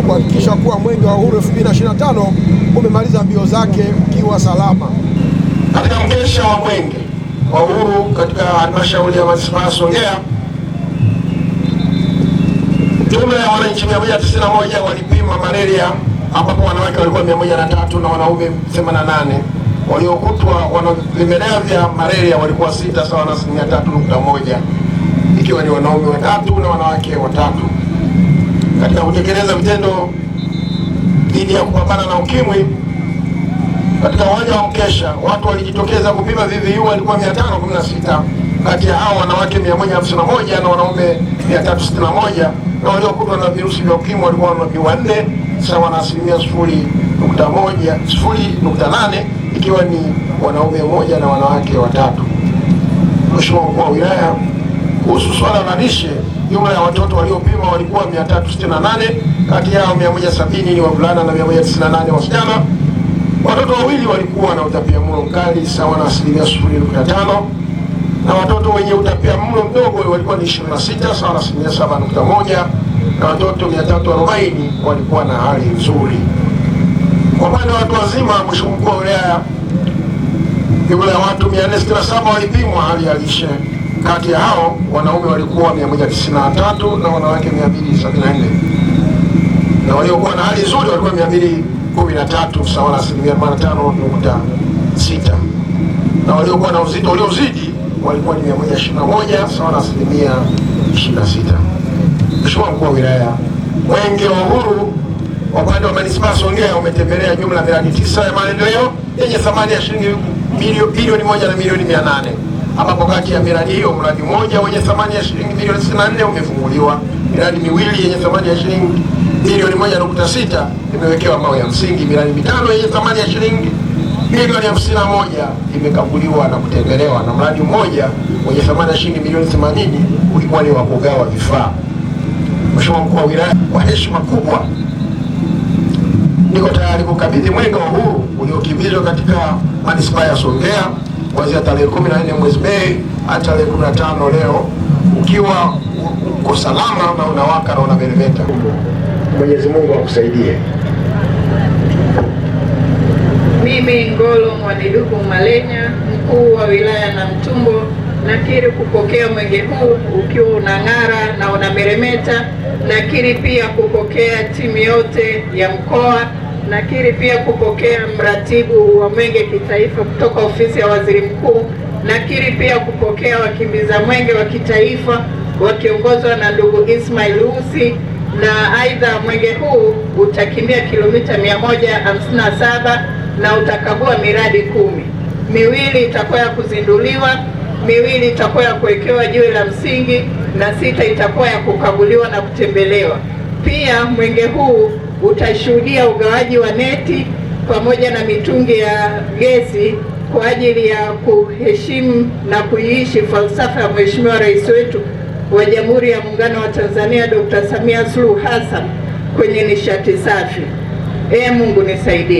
na kuhakikisha kuwa mwenge wa uhuru 2025 umemaliza mbio zake ukiwa salama. Katika mkesha wa mwenge wa uhuru katika halmashauri ya manispaa ya Songea, jumla ya wananchi 191 walipima malaria, ambapo wanawake walikuwa 103 na wanaume 88 waliokutwa wana vimelea vya malaria walikuwa sita sawa na asilimia tatu nukta moja ikiwa ni wanaume watatu na wanawake watatu katika kutekeleza vitendo dhidi ya kupambana na ukimwi. Katika uwanja wa mkesha, watu walijitokeza kupima VVU walikuwa 516 kati ya hao wanawake 151 na wanaume 361, na waliokutwa na virusi vya ukimwi walikuwa wanne sawa na asilimia 0.1 0.8, ikiwa ni wanaume moja na wanawake watatu. Mheshimiwa Mkuu wa Wilaya, kuhusu swala la lishe Jumla ya watoto waliopima walikuwa 368, kati yao 170 ni wavulana na 198 wasichana. Watoto wawili walikuwa na utapiamlo mkali sawa na asilimia 0.5, na watoto wenye utapiamlo mdogo walikuwa ni 26 sawa na asilimia 7.1, na watoto 340 walikuwa na hali nzuri. Kwa upande wa watu wazima, mheshimiwa mkuu wa wilaya, jumla ya watu 467 walipimwa hali ya lishe kati ya hao wanaume walikuwa 193 na wanawake 274, na waliokuwa na hali nzuri walikuwa 213 sawa na asilimia 45.6, na waliokuwa na uzito uliozidi walikuwa ni 121 sawa na asilimia 26. Mheshimiwa Mkuu wa Wilaya, Mwenge wa Uhuru kwa upande wa manispaa Songea umetembelea jumla miradi tisa ya maendeleo yenye thamani ya shilingi bilioni moja na milioni mia nane ambapo kati ya miradi hiyo mradi mmoja wenye thamani ya shilingi milioni 64 umefunguliwa, miradi miwili yenye thamani ya shilingi milioni 1.6 imewekewa mawe ya msingi, miradi mitano yenye thamani ya shilingi milioni 51 imekaguliwa na kutembelewa, na mradi mmoja wenye thamani ya shilingi milioni 80 ulikuwa ni wa kugawa vifaa. Mheshimiwa Mkuu wa Wilaya, kwa heshima kubwa niko tayari kukabidhi mwenge wa uhuru uliokimbizwa katika manispaa ya Songea kuanzia tarehe kumi na nne mwezi Mei hadi tarehe kumi na tano leo, ukiwa uko salama na unawaka na unameremeta. Mwenyezi Mungu akusaidie. Mimi Ngolo Mwaniduku Malenya, mkuu wa wilaya Namtumbo, nakiri kupokea mwenge huu ukiwa unang'ara na unameremeta. Nakiri pia kupokea timu yote ya mkoa Nakiri pia kupokea mratibu wa mwenge kitaifa kutoka ofisi ya waziri mkuu. Nakiri pia kupokea wakimbiza mwenge wa kitaifa wakiongozwa na ndugu Ismail Usi, na aidha mwenge huu utakimbia kilomita 157 na utakagua miradi kumi, miwili itakuwa ya kuzinduliwa, miwili itakuwa ya kuwekewa jiwe la msingi na sita itakuwa ya kukaguliwa na kutembelewa. Pia mwenge huu utashuhudia ugawaji wa neti pamoja na mitungi ya gesi kwa ajili ya kuheshimu na kuiishi falsafa ya Mheshimiwa Rais wetu wa Jamhuri ya Muungano wa Tanzania Dr. Samia Suluhu Hassan kwenye nishati safi. Ee Mungu nisaidie.